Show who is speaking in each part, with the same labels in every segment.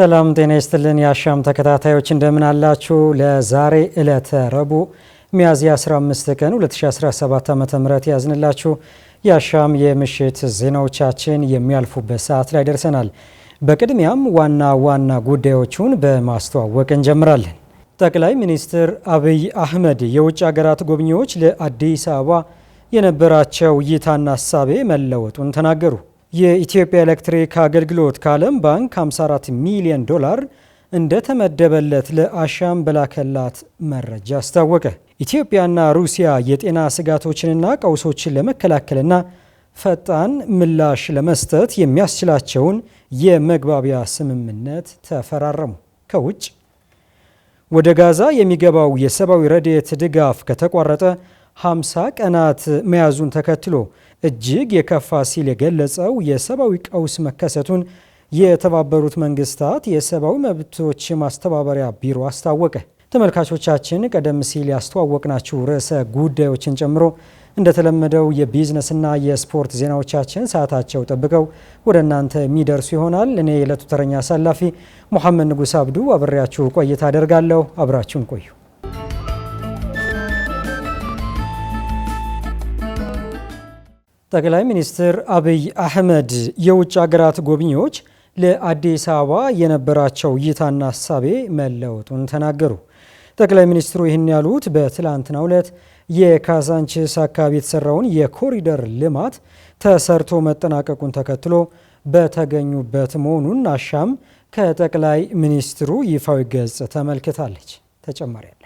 Speaker 1: ሰላም ጤና ይስጥልን የአሻም ተከታታዮች እንደምን አላችሁ? ለዛሬ ዕለተ ረቡዕ ሚያዝያ 15 ቀን 2017 ም ያዝንላችሁ የአሻም የምሽት ዜናዎቻችን የሚያልፉበት ሰዓት ላይ ደርሰናል። በቅድሚያም ዋና ዋና ጉዳዮቹን በማስተዋወቅ እንጀምራለን። ጠቅላይ ሚኒስትር አብይ አህመድ የውጭ አገራት ጎብኚዎች ለአዲስ አበባ የነበራቸው እይታና እሳቤ መለወጡን ተናገሩ። የኢትዮጵያ ኤሌክትሪክ አገልግሎት ከዓለም ባንክ 54 ሚሊዮን ዶላር እንደተመደበለት ለአሻም በላከላት መረጃ አስታወቀ። ኢትዮጵያና ሩሲያ የጤና ስጋቶችንና ቀውሶችን ለመከላከልና ፈጣን ምላሽ ለመስጠት የሚያስችላቸውን የመግባቢያ ስምምነት ተፈራረሙ። ከውጭ ወደ ጋዛ የሚገባው የሰብአዊ ረድኤት ድጋፍ ከተቋረጠ 50 ቀናት መያዙን ተከትሎ እጅግ የከፋ ሲል የገለጸው የሰብአዊ ቀውስ መከሰቱን የተባበሩት መንግስታት የሰብአዊ መብቶች ማስተባበሪያ ቢሮ አስታወቀ። ተመልካቾቻችን ቀደም ሲል ያስተዋወቅናችሁ ርዕሰ ጉዳዮችን ጨምሮ እንደተለመደው የቢዝነስና የስፖርት ዜናዎቻችን ሰዓታቸው ጠብቀው ወደ እናንተ የሚደርሱ ይሆናል። እኔ የዕለቱ ተረኛ አሳላፊ ሙሐመድ ንጉስ አብዱ አብሬያችሁ ቆይታ አደርጋለሁ። አብራችሁን ቆዩ። ጠቅላይ ሚኒስትር አብይ አህመድ የውጭ ሀገራት ጎብኚዎች ለአዲስ አበባ የነበራቸው እይታና ሀሳቤ መለወጡን ተናገሩ። ጠቅላይ ሚኒስትሩ ይህን ያሉት በትላንትናው ዕለት የካዛንችስ አካባቢ የተሰራውን የኮሪደር ልማት ተሰርቶ መጠናቀቁን ተከትሎ በተገኙበት መሆኑን አሻም ከጠቅላይ ሚኒስትሩ ይፋዊ ገጽ ተመልክታለች። ተጨማሪ ያለን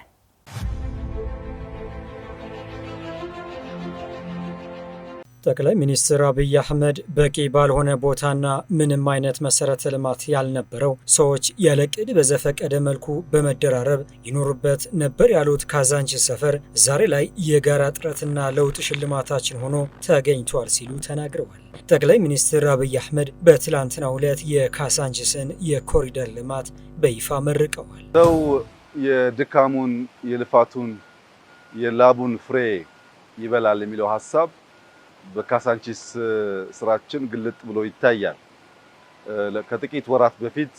Speaker 1: ጠቅላይ ሚኒስትር አብይ አህመድ በቂ ባልሆነ ቦታና ምንም አይነት መሰረተ ልማት ያልነበረው ሰዎች ያለቅድ በዘፈቀደ መልኩ በመደራረብ ይኖሩበት ነበር ያሉት ካዛንች ሰፈር ዛሬ ላይ የጋራ ጥረትና ለውጥ ሽልማታችን ሆኖ ተገኝቷል ሲሉ ተናግረዋል። ጠቅላይ ሚኒስትር አብይ አህመድ በትላንትናው ዕለት የካሳንችስን የኮሪደር ልማት በይፋ መርቀዋል።
Speaker 2: ሰው የድካሙን የልፋቱን የላቡን ፍሬ ይበላል የሚለው ሀሳብ በካሳንቺስ ስራችን ግልጥ ብሎ ይታያል። ከጥቂት ወራት በፊት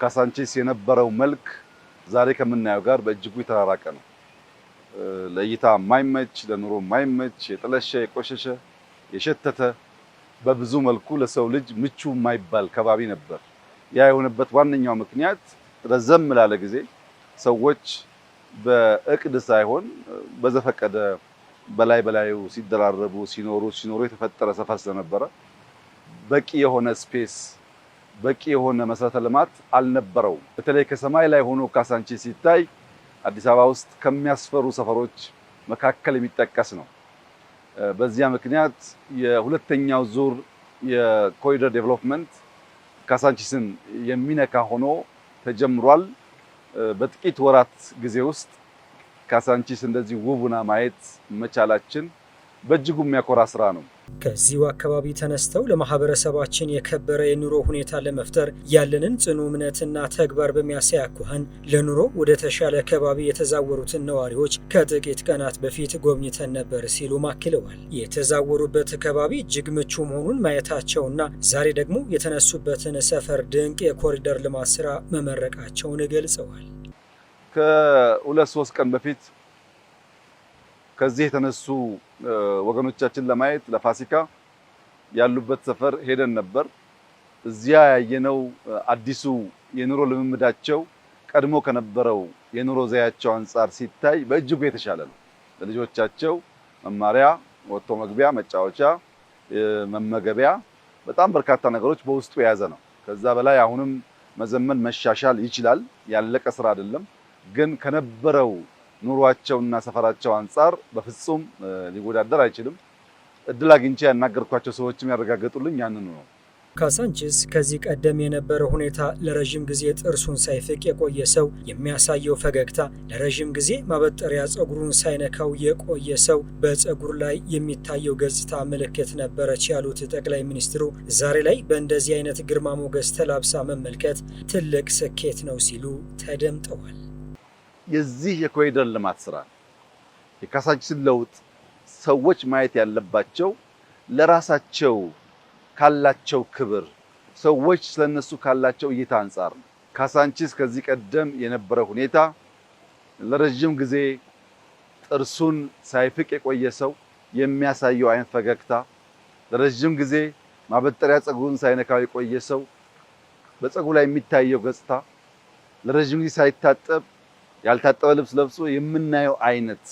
Speaker 2: ካሳንቺስ የነበረው መልክ ዛሬ ከምናየው ጋር በእጅጉ የተራራቀ ነው። ለእይታ የማይመች ለኑሮ የማይመች የጠለሸ የቆሸሸ የሸተተ በብዙ መልኩ ለሰው ልጅ ምቹ የማይባል ከባቢ ነበር። ያ የሆነበት ዋነኛው ምክንያት ረዘም ላለ ጊዜ ሰዎች በእቅድ ሳይሆን በዘፈቀደ በላይ በላዩ ሲደራረቡ ሲኖሩ ሲኖሩ የተፈጠረ ሰፈር ስለነበረ በቂ የሆነ ስፔስ በቂ የሆነ መሰረተ ልማት አልነበረውም። በተለይ ከሰማይ ላይ ሆኖ ካሳንቺ ሲታይ አዲስ አበባ ውስጥ ከሚያስፈሩ ሰፈሮች መካከል የሚጠቀስ ነው። በዚያ ምክንያት የሁለተኛው ዙር የኮሪደር ዴቨሎፕመንት ካሳንቺስን የሚነካ ሆኖ ተጀምሯል። በጥቂት ወራት ጊዜ ውስጥ ካሳንቺስ እንደዚህ ውቡና ማየት መቻላችን በእጅጉ የሚያኮራ ስራ ነው።
Speaker 1: ከዚሁ አካባቢ ተነስተው ለማህበረሰባችን የከበረ የኑሮ ሁኔታ ለመፍጠር ያለንን ጽኑ እምነትና ተግባር በሚያሳይ አኳኋን ለኑሮ ወደ ተሻለ ከባቢ የተዛወሩትን ነዋሪዎች ከጥቂት ቀናት በፊት ጎብኝተን ነበር ሲሉ አክለዋል። የተዛወሩበት ከባቢ እጅግ ምቹ መሆኑን ማየታቸውና ዛሬ ደግሞ የተነሱበትን ሰፈር ድንቅ የኮሪደር ልማት ስራ መመረቃቸውን ገልጸዋል።
Speaker 2: ከሁለት ሶስት ቀን በፊት ከዚህ የተነሱ ወገኖቻችን ለማየት ለፋሲካ ያሉበት ሰፈር ሄደን ነበር። እዚያ ያየነው አዲሱ የኑሮ ልምምዳቸው ቀድሞ ከነበረው የኑሮ ዘያቸው አንጻር ሲታይ በእጅጉ የተሻለ ነው። ለልጆቻቸው መማሪያ፣ ወጥቶ መግቢያ፣ መጫወቻ፣ መመገቢያ በጣም በርካታ ነገሮች በውስጡ የያዘ ነው። ከዛ በላይ አሁንም መዘመን መሻሻል ይችላል። ያለቀ ስራ አይደለም። ግን ከነበረው ኑሯቸውና ሰፈራቸው አንጻር በፍጹም ሊወዳደር አይችልም። እድል አግኝቼ ያናገርኳቸው ሰዎችም ያረጋገጡልኝ ያንኑ ነው።
Speaker 1: ካሳንቺስ ከዚህ ቀደም የነበረው ሁኔታ ለረዥም ጊዜ ጥርሱን ሳይፍቅ የቆየ ሰው የሚያሳየው ፈገግታ፣ ለረዥም ጊዜ ማበጠሪያ ጸጉሩን ሳይነካው የቆየ ሰው በጸጉር ላይ የሚታየው ገጽታ ምልክት ነበረች ያሉት ጠቅላይ ሚኒስትሩ ዛሬ ላይ በእንደዚህ አይነት ግርማ ሞገስ ተላብሳ መመልከት ትልቅ ስኬት ነው ሲሉ ተደምጠዋል።
Speaker 2: የዚህ የኮሪደር ልማት ስራ ነው። ለውጥ ሰዎች ማየት ያለባቸው ለራሳቸው ካላቸው ክብር፣ ሰዎች ስለነሱ ካላቸው እይታ አንጻር ነው። ካሳንቺስ ከዚህ ቀደም የነበረ ሁኔታ ለረጅም ጊዜ ጥርሱን ሳይፍቅ የቆየ ሰው የሚያሳየው አይነት ፈገግታ፣ ለረጅም ጊዜ ማበጠሪያ ፀጉሩን ሳይነካው የቆየ ሰው በፀጉሩ ላይ የሚታየው ገጽታ፣ ለረጅም ጊዜ ሳይታጠብ ያልታጠበ ልብስ ለብሶ የምናየው አይነት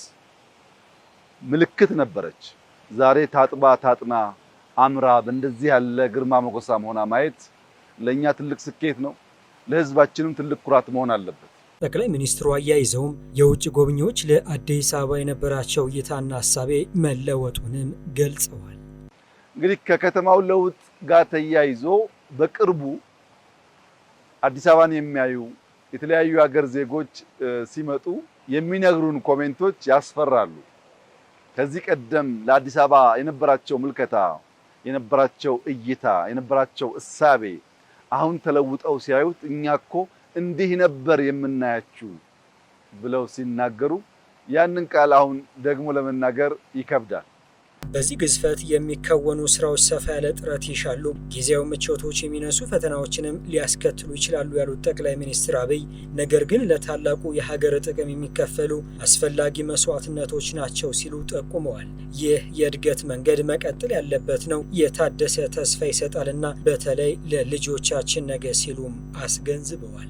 Speaker 2: ምልክት ነበረች። ዛሬ ታጥባ ታጥና አምራ በእንደዚህ ያለ ግርማ ሞገሳ መሆና ማየት ለእኛ ትልቅ ስኬት ነው። ለህዝባችንም ትልቅ ኩራት መሆን አለበት።
Speaker 1: ጠቅላይ ሚኒስትሩ አያይዘውም የውጭ ጎብኚዎች ለአዲስ አበባ የነበራቸው እይታና ሀሳቤ መለወጡንም ገልጸዋል።
Speaker 2: እንግዲህ ከከተማው ለውጥ ጋር ተያይዞ በቅርቡ አዲስ አበባን የሚያዩ የተለያዩ ሀገር ዜጎች ሲመጡ የሚነግሩን ኮሜንቶች ያስፈራሉ። ከዚህ ቀደም ለአዲስ አበባ የነበራቸው ምልከታ፣ የነበራቸው እይታ፣ የነበራቸው እሳቤ አሁን ተለውጠው ሲያዩት እኛ እኮ እንዲህ ነበር የምናያችሁ ብለው ሲናገሩ ያንን ቃል አሁን ደግሞ ለመናገር ይከብዳል።
Speaker 1: በዚህ ግዝፈት የሚከወኑ ስራዎች ሰፋ ያለ ጥረት ይሻሉ። ጊዜያዊ ምቾቶች የሚነሱ ፈተናዎችንም ሊያስከትሉ ይችላሉ ያሉት ጠቅላይ ሚኒስትር አብይ፣ ነገር ግን ለታላቁ የሀገር ጥቅም የሚከፈሉ አስፈላጊ መስዋዕትነቶች ናቸው ሲሉ ጠቁመዋል። ይህ የእድገት መንገድ መቀጠል ያለበት ነው፣ የታደሰ ተስፋ ይሰጣልና በተለይ ለልጆቻችን ነገ ሲሉም አስገንዝበዋል።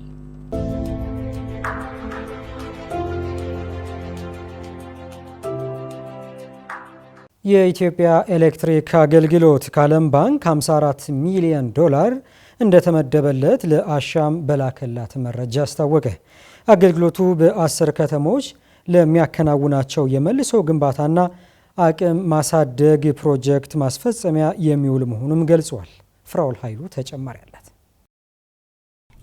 Speaker 1: የኢትዮጵያ ኤሌክትሪክ አገልግሎት ከዓለም ባንክ 54 ሚሊዮን ዶላር እንደተመደበለት ለአሻም በላከላት መረጃ አስታወቀ። አገልግሎቱ በአስር ከተሞች ለሚያከናውናቸው የመልሶ ግንባታና አቅም ማሳደግ ፕሮጀክት ማስፈጸሚያ የሚውል መሆኑም ገልጿል። ፍራውል ኃይሉ ተጨማሪ አለ።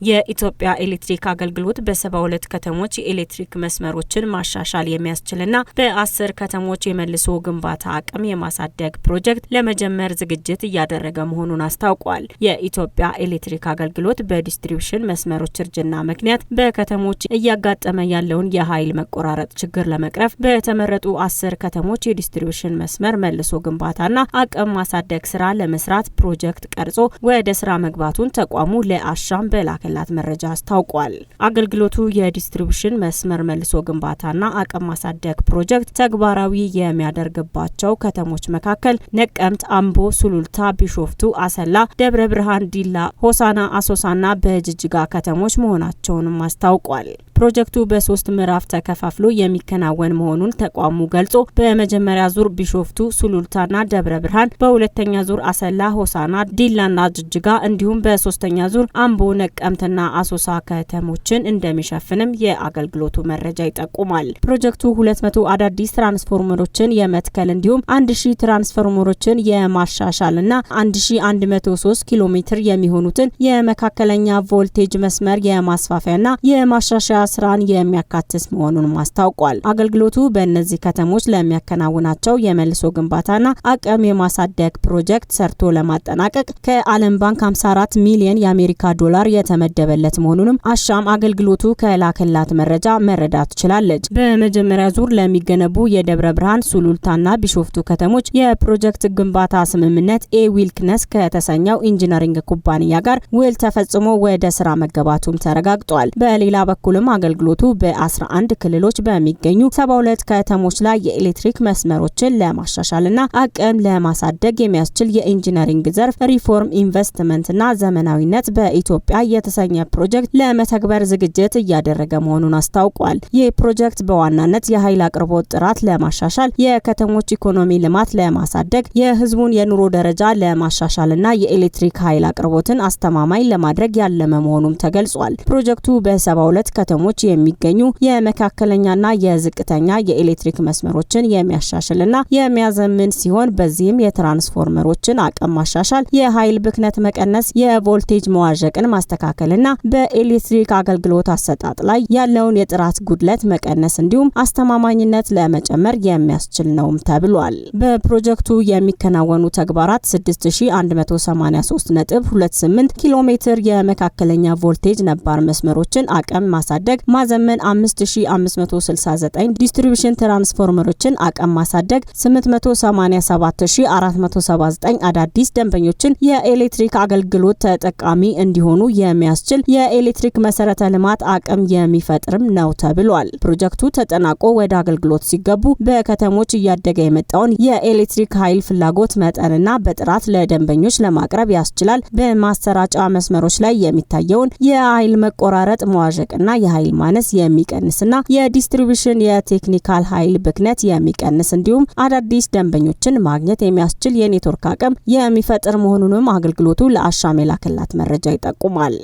Speaker 1: የኢትዮጵያ ኤሌክትሪክ አገልግሎት በሰባ ሁለት ከተሞች የኤሌክትሪክ መስመሮችን ማሻሻል የሚያስችልና በአስር ከተሞች የመልሶ ግንባታ አቅም የማሳደግ ፕሮጀክት ለመጀመር ዝግጅት እያደረገ መሆኑን አስታውቋል። የኢትዮጵያ ኤሌክትሪክ አገልግሎት በዲስትሪቢሽን መስመሮች እርጅና ምክንያት በከተሞች እያጋጠመ ያለውን የኃይል መቆራረጥ ችግር ለመቅረፍ በተመረጡ አስር ከተሞች የዲስትሪቢሽን መስመር መልሶ ግንባታና አቅም ማሳደግ ስራ ለመስራት ፕሮጀክት ቀርጾ ወደ ስራ መግባቱን ተቋሙ ለአሻም በላከ እንደተላከላት መረጃ አስታውቋል። አገልግሎቱ የዲስትሪቡሽን መስመር መልሶ ግንባታና አቅም ማሳደግ ፕሮጀክት ተግባራዊ የሚያደርግባቸው ከተሞች መካከል ነቀምት፣ አምቦ፣ ሱሉልታ፣ ቢሾፍቱ፣ አሰላ፣ ደብረ ብርሃን፣ ዲላ፣ ሆሳና፣ አሶሳና በጅጅጋ ከተሞች መሆናቸውንም አስታውቋል። ፕሮጀክቱ በሶስት ምዕራፍ ተከፋፍሎ የሚከናወን መሆኑን ተቋሙ ገልጾ በመጀመሪያ ዙር ቢሾፍቱ፣ ሱሉልታና ደብረ ብርሃን፣ በሁለተኛ ዙር አሰላ፣ ሆሳና፣ ዲላና ጅጅጋ እንዲሁም በሶስተኛ ዙር አምቦ፣ ነቀምትና አሶሳ ከተሞችን እንደሚሸፍንም የአገልግሎቱ መረጃ ይጠቁማል። ፕሮጀክቱ 200 አዳዲስ ትራንስፎርመሮችን የመትከል እንዲሁም 1000 ትራንስፎርመሮችን የማሻሻልና 1103 ኪሎ ሜትር የሚሆኑትን የመካከለኛ ቮልቴጅ መስመር የማስፋፊያና የማሻሻያ ስራን የሚያካትት መሆኑንም አስታውቋል። አገልግሎቱ በእነዚህ ከተሞች ለሚያከናውናቸው የመልሶ ግንባታና አቅም የማሳደግ ፕሮጀክት ሰርቶ ለማጠናቀቅ ከዓለም ባንክ 54 ሚሊዮን የአሜሪካ ዶላር የተመደበለት መሆኑንም አሻም አገልግሎቱ ከላክላት መረጃ መረዳት ትችላለች። በመጀመሪያ ዙር ለሚገነቡ የደብረ ብርሃን ሱሉልታና ቢሾፍቱ ከተሞች የፕሮጀክት ግንባታ ስምምነት ኤ ዊልክነስ ከተሰኘው ኢንጂነሪንግ ኩባንያ ጋር ውል ተፈጽሞ ወደ ስራ መገባቱም ተረጋግጧል። በሌላ በኩልም አገልግሎቱ በ11 ክልሎች በሚገኙ 72 ከተሞች ላይ የኤሌክትሪክ መስመሮችን ለማሻሻልና አቅም ለማሳደግ የሚያስችል የኢንጂነሪንግ ዘርፍ ሪፎርም ኢንቨስትመንትና ዘመናዊነት በኢትዮጵያ የተሰኘ ፕሮጀክት ለመተግበር ዝግጅት እያደረገ መሆኑን አስታውቋል። ይህ ፕሮጀክት በዋናነት የኃይል አቅርቦት ጥራት ለማሻሻል፣ የከተሞች ኢኮኖሚ ልማት ለማሳደግ፣ የህዝቡን የኑሮ ደረጃ ለማሻሻልና የኤሌክትሪክ ኃይል አቅርቦትን አስተማማኝ ለማድረግ ያለመ መሆኑም ተገልጿል። ፕሮጀክቱ በ72 ከተሞች ከተሞች የሚገኙ የመካከለኛና የዝቅተኛ የኤሌክትሪክ መስመሮችን የሚያሻሽልና የሚያዘምን ሲሆን በዚህም የትራንስፎርመሮችን አቅም ማሻሻል፣ የኃይል ብክነት መቀነስ፣ የቮልቴጅ መዋዠቅን ማስተካከልና በኤሌክትሪክ አገልግሎት አሰጣጥ ላይ ያለውን የጥራት ጉድለት መቀነስ እንዲሁም አስተማማኝነት ለመጨመር የሚያስችል ነውም ተብሏል። በፕሮጀክቱ የሚከናወኑ ተግባራት 6183.28 ኪሎ ሜትር የመካከለኛ ቮልቴጅ ነባር መስመሮችን አቅም ማሳደግ በማድረግ ማዘመን 5569 ዲስትሪቢሽን ትራንስፎርመሮችን አቅም ማሳደግ 887479 አዳዲስ ደንበኞችን የኤሌክትሪክ አገልግሎት ተጠቃሚ እንዲሆኑ የሚያስችል የኤሌክትሪክ መሰረተ ልማት አቅም የሚፈጥርም ነው ተብሏል። ፕሮጀክቱ ተጠናቆ ወደ አገልግሎት ሲገቡ በከተሞች እያደገ የመጣውን የኤሌክትሪክ ኃይል ፍላጎት መጠንና በጥራት ለደንበኞች ለማቅረብ ያስችላል። በማሰራጫ መስመሮች ላይ የሚታየውን የኃይል መቆራረጥ መዋዠቅና የኃይል ኃይል ማነስ የሚቀንስና የዲስትሪቢሽን የቴክኒካል ኃይል ብክነት የሚቀንስ እንዲሁም አዳዲስ ደንበኞችን ማግኘት የሚያስችል የኔትወርክ አቅም የሚፈጥር መሆኑንም አገልግሎቱ ለአሻሜ የላከላት መረጃ ይጠቁማል።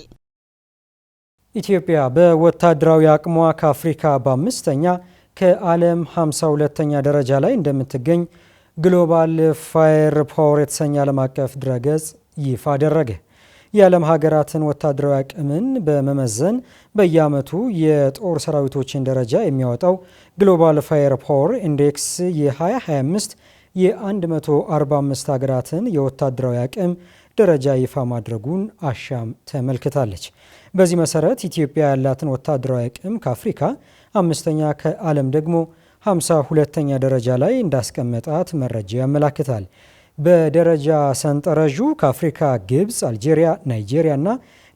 Speaker 1: ኢትዮጵያ በወታደራዊ አቅሟ ከአፍሪካ በአምስተኛ ከዓለም 52ተኛ ደረጃ ላይ እንደምትገኝ ግሎባል ፋየር ፓወር የተሰኘ ዓለም አቀፍ ድረገጽ ይፋ አደረገ። የዓለም ሀገራትን ወታደራዊ አቅምን በመመዘን በየዓመቱ የጦር ሰራዊቶችን ደረጃ የሚያወጣው ግሎባል ፋየር ፓወር ኢንዴክስ የ2025 የ145 ሀገራትን የወታደራዊ አቅም ደረጃ ይፋ ማድረጉን አሻም ተመልክታለች። በዚህ መሰረት ኢትዮጵያ ያላትን ወታደራዊ አቅም ከአፍሪካ አምስተኛ ከዓለም ደግሞ 52 ሁለተኛ ደረጃ ላይ እንዳስቀመጣት መረጃ ያመላክታል። በደረጃ ሰንጠረዡ ከአፍሪካ ግብፅ፣ አልጄሪያ፣ ናይጄሪያ እና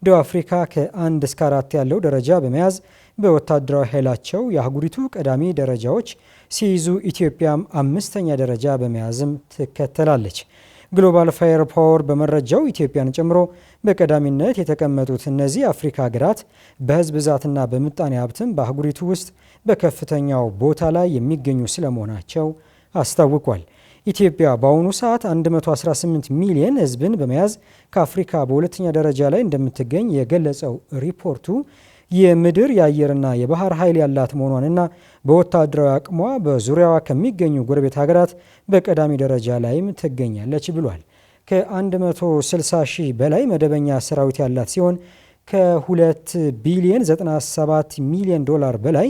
Speaker 1: ደቡብ አፍሪካ ከአንድ እስከ አራት ያለው ደረጃ በመያዝ በወታደራዊ ኃይላቸው የአህጉሪቱ ቀዳሚ ደረጃዎች ሲይዙ ኢትዮጵያም አምስተኛ ደረጃ በመያዝም ትከተላለች። ግሎባል ፋየር ፓወር በመረጃው ኢትዮጵያን ጨምሮ በቀዳሚነት የተቀመጡት እነዚህ አፍሪካ ሀገራት በህዝብ ብዛትና በምጣኔ ሀብትም በአህጉሪቱ ውስጥ በከፍተኛው ቦታ ላይ የሚገኙ ስለመሆናቸው አስታውቋል። ኢትዮጵያ በአሁኑ ሰዓት 118 ሚሊየን ህዝብን በመያዝ ከአፍሪካ በሁለተኛ ደረጃ ላይ እንደምትገኝ የገለጸው ሪፖርቱ የምድር የአየርና የባህር ኃይል ያላት መሆኗንና በወታደራዊ አቅሟ በዙሪያዋ ከሚገኙ ጎረቤት ሀገራት በቀዳሚ ደረጃ ላይም ትገኛለች ብሏል። ከ160 ሺህ በላይ መደበኛ ሰራዊት ያላት ሲሆን ከ2 ቢሊየን 97 ሚሊዮን ዶላር በላይ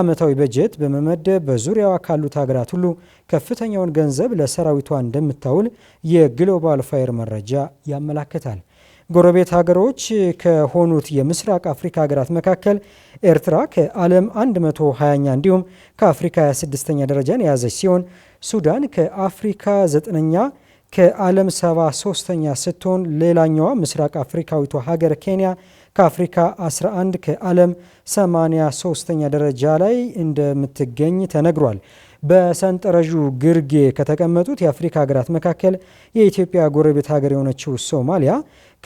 Speaker 1: ዓመታዊ በጀት በመመደብ በዙሪያዋ ካሉት ሀገራት ሁሉ ከፍተኛውን ገንዘብ ለሰራዊቷ እንደምታውል የግሎባል ፋየር መረጃ ያመላክታል። ጎረቤት ሀገሮች ከሆኑት የምስራቅ አፍሪካ ሀገራት መካከል ኤርትራ ከዓለም 120ኛ እንዲሁም ከአፍሪካ 26ኛ ደረጃን የያዘች ሲሆን ሱዳን ከአፍሪካ 9ኛ ከዓለም 73ኛ ስትሆን ሌላኛዋ ምስራቅ አፍሪካዊቷ ሀገር ኬንያ ከአፍሪካ 11 ከዓለም 83ኛ ደረጃ ላይ እንደምትገኝ ተነግሯል። በሰንጠረዡ ግርጌ ከተቀመጡት የአፍሪካ ሀገራት መካከል የኢትዮጵያ ጎረቤት ሀገር የሆነችው ሶማሊያ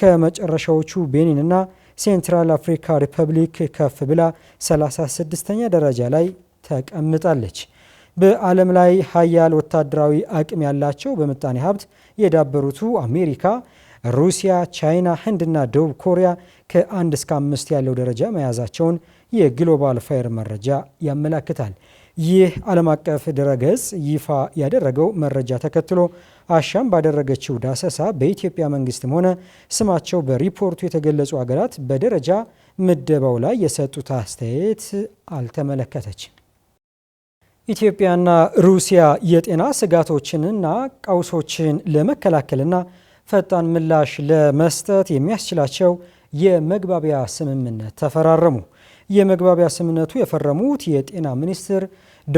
Speaker 1: ከመጨረሻዎቹ ቤኒንና ሴንትራል አፍሪካ ሪፐብሊክ ከፍ ብላ 36ኛ ደረጃ ላይ ተቀምጣለች። በዓለም ላይ ሀያል ወታደራዊ አቅም ያላቸው በምጣኔ ሀብት የዳበሩቱ አሜሪካ፣ ሩሲያ፣ ቻይና፣ ህንድና ደቡብ ኮሪያ ከአንድ እስከ አምስት ያለው ደረጃ መያዛቸውን የግሎባል ፋየር መረጃ ያመላክታል። ይህ ዓለም አቀፍ ድረገጽ ይፋ ያደረገው መረጃ ተከትሎ አሻም ባደረገችው ዳሰሳ በኢትዮጵያ መንግስትም ሆነ ስማቸው በሪፖርቱ የተገለጹ ሀገራት በደረጃ ምደባው ላይ የሰጡት አስተያየት አልተመለከተችም። ኢትዮጵያና ሩሲያ የጤና ስጋቶችንና ቀውሶችን ለመከላከልና ፈጣን ምላሽ ለመስጠት የሚያስችላቸው የመግባቢያ ስምምነት ተፈራረሙ። የመግባቢያ ስምምነቱ የፈረሙት የጤና ሚኒስትር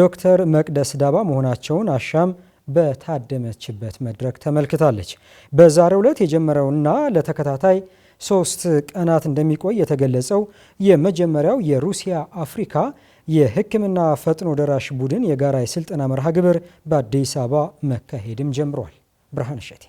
Speaker 1: ዶክተር መቅደስ ዳባ መሆናቸውን አሻም በታደመችበት መድረክ ተመልክታለች። በዛሬው ዕለት የጀመረውና ለተከታታይ ሶስት ቀናት እንደሚቆይ የተገለጸው የመጀመሪያው የሩሲያ አፍሪካ የሕክምና ፈጥኖ ደራሽ ቡድን የጋራ የስልጠና መርሃ ግብር በአዲስ አበባ መካሄድም ጀምሯል። ብርሃን እሸቴ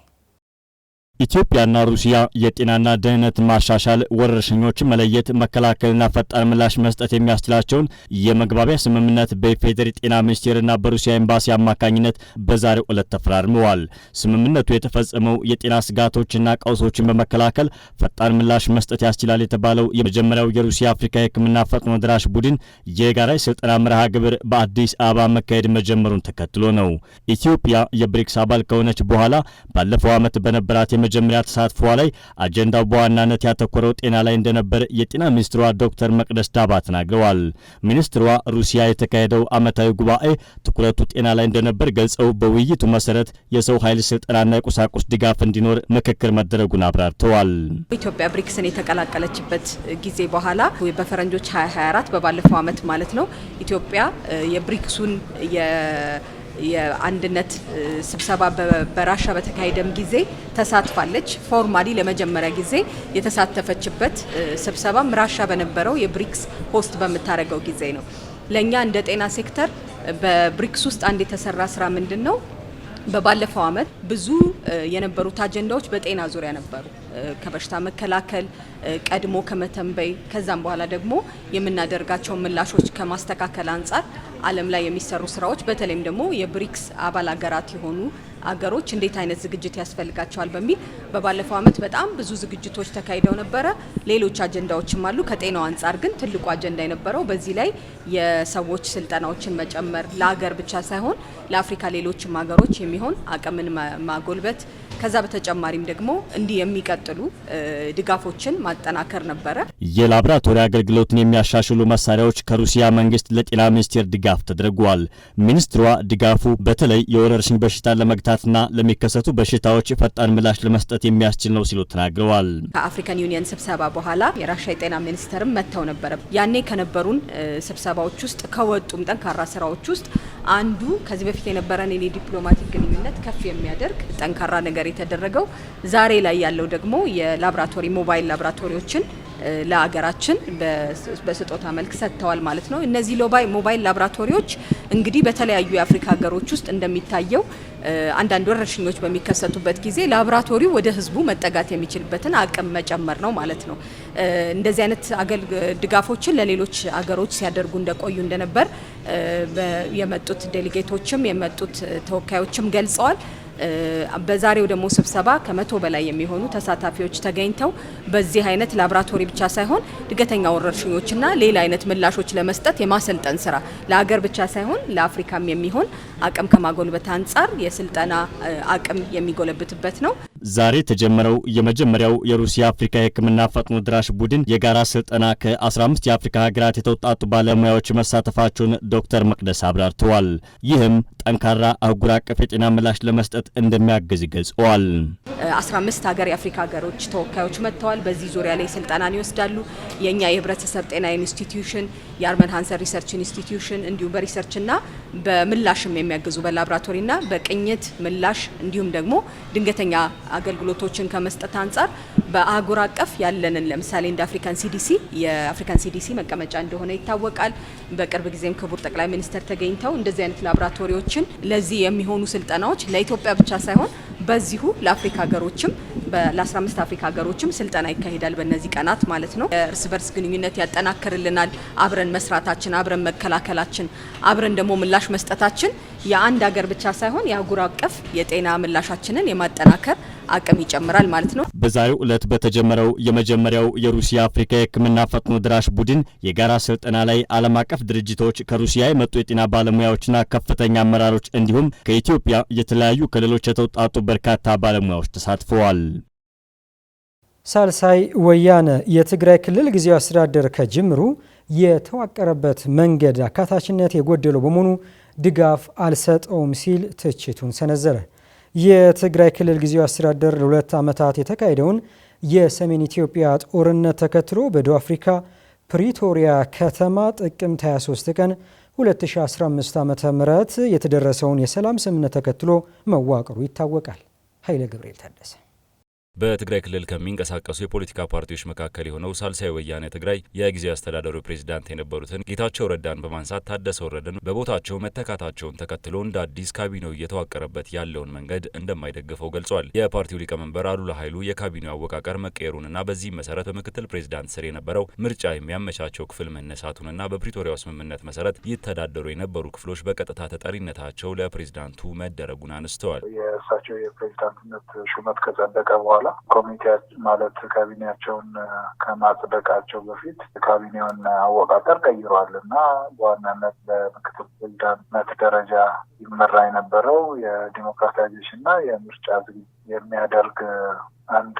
Speaker 1: ኢትዮጵያና ሩሲያ የጤናና ደህንነት ማሻሻል፣ ወረርሽኞች መለየት፣ መከላከልና ፈጣን ምላሽ መስጠት የሚያስችላቸውን የመግባቢያ ስምምነት በኢፌዴሪ ጤና ሚኒስቴርና በሩሲያ ኤምባሲ አማካኝነት በዛሬው ዕለት ተፈራርመዋል። ስምምነቱ የተፈጸመው የጤና ስጋቶችና ቀውሶችን በመከላከል ፈጣን ምላሽ መስጠት ያስችላል የተባለው የመጀመሪያው የሩሲያ አፍሪካ የሕክምና ፈጥኖ ደራሽ ቡድን የጋራ የስልጠና መርሃ ግብር በአዲስ አበባ መካሄድ መጀመሩን ተከትሎ ነው። ኢትዮጵያ የብሪክስ አባል ከሆነች በኋላ ባለፈው ዓመት በነበራት የመጀመሪያ ተሳትፎ ላይ አጀንዳው በዋናነት ያተኮረው ጤና ላይ እንደነበር የጤና ሚኒስትሯ ዶክተር መቅደስ ዳባ ተናግረዋል። ሚኒስትሯ ሩሲያ የተካሄደው ዓመታዊ ጉባኤ ትኩረቱ ጤና ላይ እንደነበር ገልጸው በውይይቱ መሰረት የሰው ኃይል ስልጠናና የቁሳቁስ ድጋፍ እንዲኖር ምክክር መደረጉን አብራርተዋል።
Speaker 3: ኢትዮጵያ ብሪክስን የተቀላቀለችበት ጊዜ በኋላ በፈረንጆች 2024 በባለፈው ዓመት ማለት ነው ኢትዮጵያ የብሪክሱን የአንድነት ስብሰባ በራሻ በተካሄደም ጊዜ ተሳትፋለች። ፎርማሊ ለመጀመሪያ ጊዜ የተሳተፈችበት ስብሰባም ራሻ በነበረው የብሪክስ ሆስት በምታደርገው ጊዜ ነው። ለእኛ እንደ ጤና ሴክተር በብሪክስ ውስጥ አንድ የተሰራ ስራ ምንድን ነው? በባለፈው አመት ብዙ የነበሩት አጀንዳዎች በጤና ዙሪያ ነበሩ። ከበሽታ መከላከል ቀድሞ ከመተንበይ ከዛም በኋላ ደግሞ የምናደርጋቸው ምላሾች ከማስተካከል አንጻር ዓለም ላይ የሚሰሩ ስራዎች በተለይም ደግሞ የብሪክስ አባል ሀገራት የሆኑ አገሮች እንዴት አይነት ዝግጅት ያስፈልጋቸዋል በሚል በባለፈው ዓመት በጣም ብዙ ዝግጅቶች ተካሂደው ነበረ። ሌሎች አጀንዳዎችም አሉ። ከጤናው አንጻር ግን ትልቁ አጀንዳ የነበረው በዚህ ላይ የሰዎች ስልጠናዎችን መጨመር ለሀገር ብቻ ሳይሆን ለአፍሪካ ሌሎችም ሀገሮች የሚሆን አቅምን ማጎልበት ከዛ በተጨማሪም ደግሞ እንዲህ የሚቀጥሉ ድጋፎችን ማጠናከር ነበረ።
Speaker 1: የላብራቶሪ አገልግሎትን የሚያሻሽሉ መሳሪያዎች ከሩሲያ መንግስት ለጤና ሚኒስቴር ድጋፍ ተደርጓል። ሚኒስትሯ ድጋፉ በተለይ የወረርሽኝ በሽታን ለመግታትና ለሚከሰቱ በሽታዎች ፈጣን ምላሽ ለመስጠት የሚያስችል ነው ሲሉ ተናግረዋል።
Speaker 3: ከአፍሪካን ዩኒየን ስብሰባ በኋላ የራሻ የጤና ሚኒስተርም መጥተው ነበረ። ያኔ ከነበሩን ስብሰባዎች ውስጥ ከወጡም ጠንካራ ስራዎች ውስጥ አንዱ ከዚህ በፊት የነበረን ዲፕሎማቲክ ተደራሽነት ከፍ የሚያደርግ ጠንካራ ነገር የተደረገው ዛሬ ላይ ያለው ደግሞ የላብራቶሪ ሞባይል ላብራቶሪዎችን ለሀገራችን በስጦታ መልክ ሰጥተዋል ማለት ነው። እነዚህ ሞባይል ላብራቶሪዎች እንግዲህ በተለያዩ የአፍሪካ ሀገሮች ውስጥ እንደሚታየው አንዳንድ ወረርሽኞች በሚከሰቱበት ጊዜ ላብራቶሪው ወደ ህዝቡ መጠጋት የሚችልበትን አቅም መጨመር ነው ማለት ነው። እንደዚህ አይነት ድጋፎችን ለሌሎች አገሮች ሲያደርጉ እንደቆዩ እንደነበር የመጡት ዴሌጌቶችም የመጡት ተወካዮችም ገልጸዋል። በዛሬው ደግሞ ስብሰባ ከመቶ በላይ የሚሆኑ ተሳታፊዎች ተገኝተው በዚህ አይነት ላብራቶሪ ብቻ ሳይሆን ድገተኛ ወረርሽኞችና ሌላ አይነት ምላሾች ለመስጠት የማሰልጠን ስራ ለሀገር ብቻ ሳይሆን ለአፍሪካም የሚሆን አቅም ከማጎልበት አንጻር የስልጠና አቅም የሚጎለብትበት ነው።
Speaker 1: ዛሬ የተጀመረው የመጀመሪያው የሩሲያ አፍሪካ የሕክምና ፈጥኖ ድራሽ ቡድን የጋራ ስልጠና ከ15 የአፍሪካ ሀገራት የተውጣጡ ባለሙያዎች መሳተፋቸውን ዶክተር መቅደስ አብራርተዋል። ይህም ጠንካራ አህጉር አቀፍ የጤና ምላሽ ለመስጠት እንደሚያግዝ ገልጸዋል።
Speaker 3: አምስት ሀገር የአፍሪካ ሀገሮች ተወካዮች መጥተዋል። በዚህ ዙሪያ ላይ ስልጠናን ይወስዳሉ። የእኛ የህብረተሰብ ጤና ኢንስቲትዩሽን፣ የአርመን ሀንሰር ሪሰርች ኢንስቲትዩሽን እንዲሁም በሪሰርችና በምላሽም የሚያግዙ በላቦራቶሪና በቅኝት ምላሽ እንዲሁም ደግሞ ድንገተኛ አገልግሎቶችን ከመስጠት አንጻር በአህጉር አቀፍ ያለንን ለምሳሌ እንደ አፍሪካን ሲዲሲ የአፍሪካን ሲዲሲ መቀመጫ እንደሆነ ይታወቃል። በቅርብ ጊዜም ክቡር ጠቅላይ ሚኒስተር ተገኝተው እንደዚህ አይነት ላቦራቶሪዎች ሀገራችን ለዚህ የሚሆኑ ስልጠናዎች ለኢትዮጵያ ብቻ ሳይሆን በዚሁ ለአፍሪካ ሀገሮችም ለ15 አፍሪካ ሀገሮችም ስልጠና ይካሄዳል በእነዚህ ቀናት ማለት ነው። እርስ በርስ ግንኙነት ያጠናክርልናል። አብረን መስራታችን፣ አብረን መከላከላችን፣ አብረን ደግሞ ምላሽ መስጠታችን የአንድ ሀገር ብቻ ሳይሆን የአህጉር አቀፍ የጤና ምላሻችንን የማጠናከር አቅም ይጨምራል ማለት ነው።
Speaker 1: በዛሬው ዕለት በተጀመረው የመጀመሪያው የሩሲያ አፍሪካ የሕክምና ፈጥኖ ድራሽ ቡድን የጋራ ስልጠና ላይ ዓለም አቀፍ ድርጅቶች ከሩሲያ የመጡ የጤና ባለሙያዎችና ከፍተኛ አመራሮች እንዲሁም ከኢትዮጵያ የተለያዩ ክልሎች የተውጣጡ በርካታ ባለሙያዎች ተሳትፈዋል። ሳልሳይ ወያነ የትግራይ ክልል ጊዜያዊ አስተዳደር ከጅምሩ የተዋቀረበት መንገድ አካታችነት የጎደለው በመሆኑ ድጋፍ አልሰጠውም ሲል ትችቱን ሰነዘረ። የትግራይ ክልል ጊዜያዊ አስተዳደር ለሁለት ዓመታት የተካሄደውን የሰሜን ኢትዮጵያ ጦርነት ተከትሎ በደቡብ አፍሪካ ፕሪቶሪያ ከተማ ጥቅምት 23 ቀን 2015 ዓ ም የተደረሰውን የሰላም ስምምነት ተከትሎ መዋቅሩ ይታወቃል። ኃይለ ገብርኤል ታደሰ በትግራይ ክልል ከሚንቀሳቀሱ የፖለቲካ ፓርቲዎች መካከል የሆነው ሳልሳይ ወያነ ትግራይ የጊዜያዊ አስተዳደሩ ፕሬዚዳንት የነበሩትን ጌታቸው ረዳን በማንሳት ታደሰ ወረደን በቦታቸው መተካታቸውን ተከትሎ እንደ አዲስ ካቢኔው እየተዋቀረበት ያለውን መንገድ እንደማይደግፈው ገልጿል። የፓርቲው ሊቀመንበር አሉላ ኃይሉ የካቢኔው አወቃቀር መቀየሩንና በዚህም መሰረት በምክትል ፕሬዚዳንት ስር የነበረው ምርጫ የሚያመቻቸው ክፍል መነሳቱንና በፕሪቶሪያው ስምምነት መሰረት ይተዳደሩ የነበሩ ክፍሎች በቀጥታ ተጠሪነታቸው ለፕሬዚዳንቱ መደረጉን አነስተዋል።
Speaker 4: የእሳቸው የፕሬዚዳንትነት ሹመት ከጸደቀ በኋላ በኋላ ኮሚቴ ማለት ካቢኔያቸውን ከማጽደቃቸው በፊት ካቢኔውን አወቃቀር ቀይረዋል እና በዋናነት በምክትል ፕሬዚዳንትነት ደረጃ ይመራ የነበረው የዲሞክራታይዜሽን እና የምርጫ ዝግጅት የሚያደርግ አንድ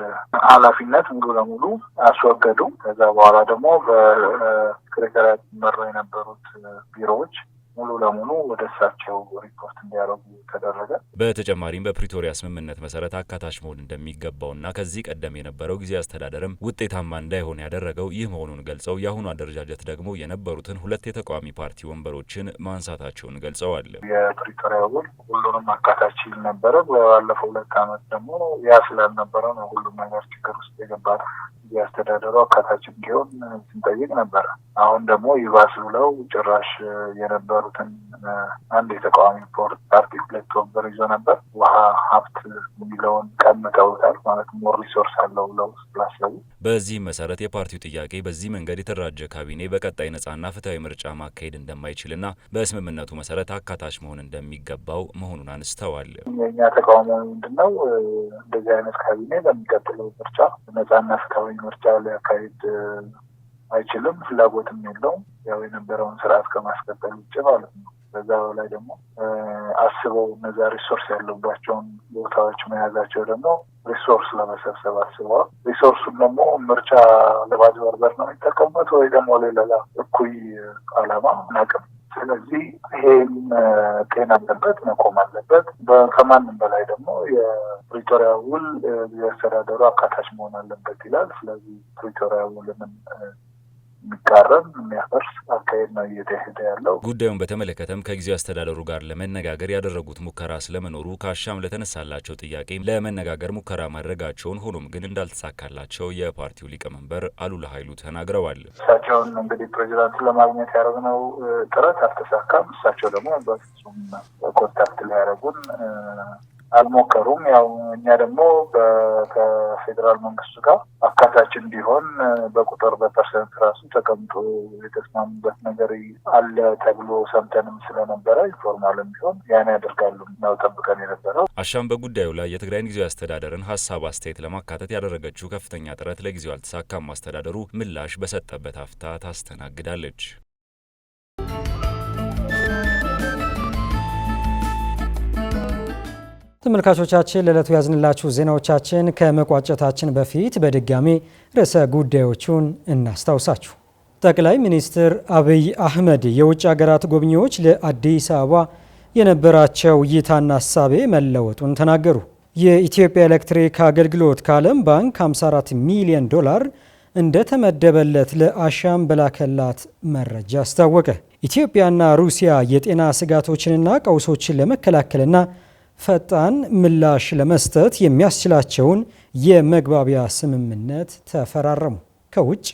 Speaker 4: ኃላፊነት ሙሉ ለሙሉ አስወገዱ። ከዛ በኋላ ደግሞ በሴክሬታሪያት ይመራ የነበሩት ቢሮዎች ሙሉ ለሙሉ ወደ እሳቸው ሪፖርት እንዲያደርጉ ተደረገ።
Speaker 1: በተጨማሪም በፕሪቶሪያ ስምምነት መሰረት አካታች መሆን እንደሚገባውና ከዚህ ቀደም የነበረው ጊዜ አስተዳደርም ውጤታማ እንዳይሆን ያደረገው ይህ መሆኑን ገልጸው የአሁኑ አደረጃጀት ደግሞ የነበሩትን ሁለት የተቃዋሚ ፓርቲ ወንበሮችን ማንሳታቸውን ገልጸዋል።
Speaker 4: የፕሪቶሪያ ውል ሁሉንም አካታች ይል ነበረ። ባለፈው ሁለት ዓመት ደግሞ ያ ስላልነበረ ነው ሁሉም ነገር ችግር ውስጥ የገባ እያስተዳደሩ አካታች እንዲሆን ስንጠይቅ ነበረ። አሁን ደግሞ ይባስ ብለው ጭራሽ የነበሩ የነበሩትን አንድ የተቃዋሚ ፓርቲ ሁለት ወንበር ይዞ ነበር። ውሃ ሀብት የሚለውን ቀምተውታል። ማለት ሞር ሪሶርስ አለው ብለው ስላሰቡ
Speaker 1: በዚህ መሰረት የፓርቲው ጥያቄ በዚህ መንገድ የተደራጀ ካቢኔ በቀጣይ ነጻና ፍትሐዊ ምርጫ ማካሄድ እንደማይችልና በስምምነቱ መሰረት አካታች መሆን እንደሚገባው መሆኑን አንስተዋል።
Speaker 4: የእኛ ተቃውሞ ምንድነው? ነው? እንደዚህ አይነት ካቢኔ በሚቀጥለው ምርጫ ነጻና ፍትሐዊ ምርጫ ሊያካሄድ አይችልም፣ ፍላጎትም የለውም። ያው የነበረውን ስርዓት ከማስቀጠል ውጭ ማለት ነው። በዛ በላይ ደግሞ አስበው እነዛ ሪሶርስ ያለባቸውን ቦታዎች መያዛቸው ደግሞ ሪሶርስ ለመሰብሰብ አስበዋል። ሪሶርሱን ደግሞ ምርጫ ለማጭበርበር ነው የሚጠቀሙት ወይ ደግሞ ሌላ እኩይ አላማ አናውቅም። ስለዚህ ይሄም ጤና አለበት መቆም አለበት። ከማንም በላይ ደግሞ የፕሪቶሪያ ውል የአስተዳደሩ አካታች መሆን አለበት ይላል። ስለዚህ ፕሪቶሪያ ውልንም የሚቃረን የሚያፈርስ አካሄድ ነው እየተሄደ ያለው።
Speaker 1: ጉዳዩን በተመለከተም ከጊዜው አስተዳደሩ ጋር ለመነጋገር ያደረጉት ሙከራ ስለመኖሩ ከአሻም ለተነሳላቸው ጥያቄ ለመነጋገር ሙከራ ማድረጋቸውን ሆኖም ግን እንዳልተሳካላቸው የፓርቲው ሊቀመንበር አሉላ ኃይሉ ተናግረዋል።
Speaker 4: እሳቸውን እንግዲህ ፕሬዚዳንቱ ለማግኘት ያደረግነው ጥረት አልተሳካም። እሳቸው ደግሞ በፍጹም ኮንታክት ላይ ያደረጉን አልሞከሩም። ያው እኛ ደግሞ ከፌዴራል መንግስቱ ጋር አካታችን ቢሆን በቁጥር በፐርሰንት ራሱ ተቀምጦ የተስማሙበት ነገር አለ ተብሎ ሰምተንም ስለነበረ ኢንፎርማልም ቢሆን ያን ያደርጋሉ ነው ጠብቀን የነበረው።
Speaker 1: አሻም በጉዳዩ ላይ የትግራይን ጊዜያዊ አስተዳደርን ሀሳብ አስተያየት ለማካተት ያደረገችው ከፍተኛ ጥረት ለጊዜው አልተሳካም። አስተዳደሩ ምላሽ በሰጠበት አፍታ ታስተናግዳለች። ተመልካቾቻችን ለዕለቱ ያዝንላችሁ ዜናዎቻችን ከመቋጨታችን በፊት በድጋሚ ርዕሰ ጉዳዮቹን እናስታውሳችሁ። ጠቅላይ ሚኒስትር አብይ አህመድ የውጭ ሀገራት ጎብኚዎች ለአዲስ አበባ የነበራቸው እይታና ሀሳቤ መለወጡን ተናገሩ። የኢትዮጵያ ኤሌክትሪክ አገልግሎት ከዓለም ባንክ 54 ሚሊዮን ዶላር እንደተመደበለት ለአሻም በላከላት መረጃ አስታወቀ። ኢትዮጵያና ሩሲያ የጤና ስጋቶችንና ቀውሶችን ለመከላከልና ፈጣን ምላሽ ለመስጠት የሚያስችላቸውን የመግባቢያ ስምምነት ተፈራረሙ። ከውጭ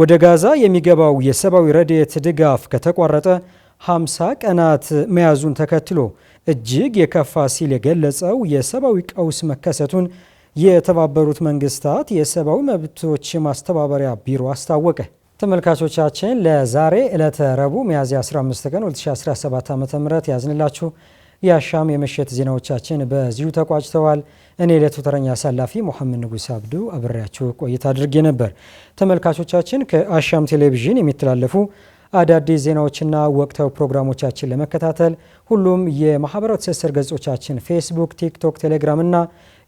Speaker 1: ወደ ጋዛ የሚገባው የሰብአዊ ረድኤት ድጋፍ ከተቋረጠ 50 ቀናት መያዙን ተከትሎ እጅግ የከፋ ሲል የገለጸው የሰብአዊ ቀውስ መከሰቱን የተባበሩት መንግስታት የሰብአዊ መብቶች ማስተባበሪያ ቢሮ አስታወቀ። ተመልካቾቻችን ለዛሬ ዕለተ ረቡዕ ሚያዝያ 15 ቀን 2017 ዓ ም ያዝንላችሁ የአሻም የምሽት ዜናዎቻችን በዚሁ ተቋጭተዋል። እኔ የዕለቱ ተረኛ አሳላፊ ሙሐመድ ንጉስ አብዱ አብሬያችሁ ቆይታ አድርጌ ነበር። ተመልካቾቻችን ከአሻም ቴሌቪዥን የሚተላለፉ አዳዲስ ዜናዎችና ወቅታዊ ፕሮግራሞቻችን ለመከታተል ሁሉም የማህበራዊ ትስስር ገጾቻችን ፌስቡክ፣ ቲክቶክ፣ ቴሌግራም እና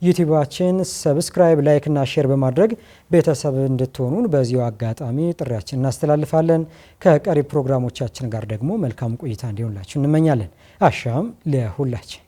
Speaker 1: ዩቲዩባችን ሰብስክራይብ፣ ላይክ እና ሼር በማድረግ ቤተሰብ እንድትሆኑን በዚሁ አጋጣሚ ጥሪያችን እናስተላልፋለን። ከቀሪ ፕሮግራሞቻችን ጋር ደግሞ መልካም ቆይታ እንዲሆንላችሁ እንመኛለን። አሻም ለሁላችን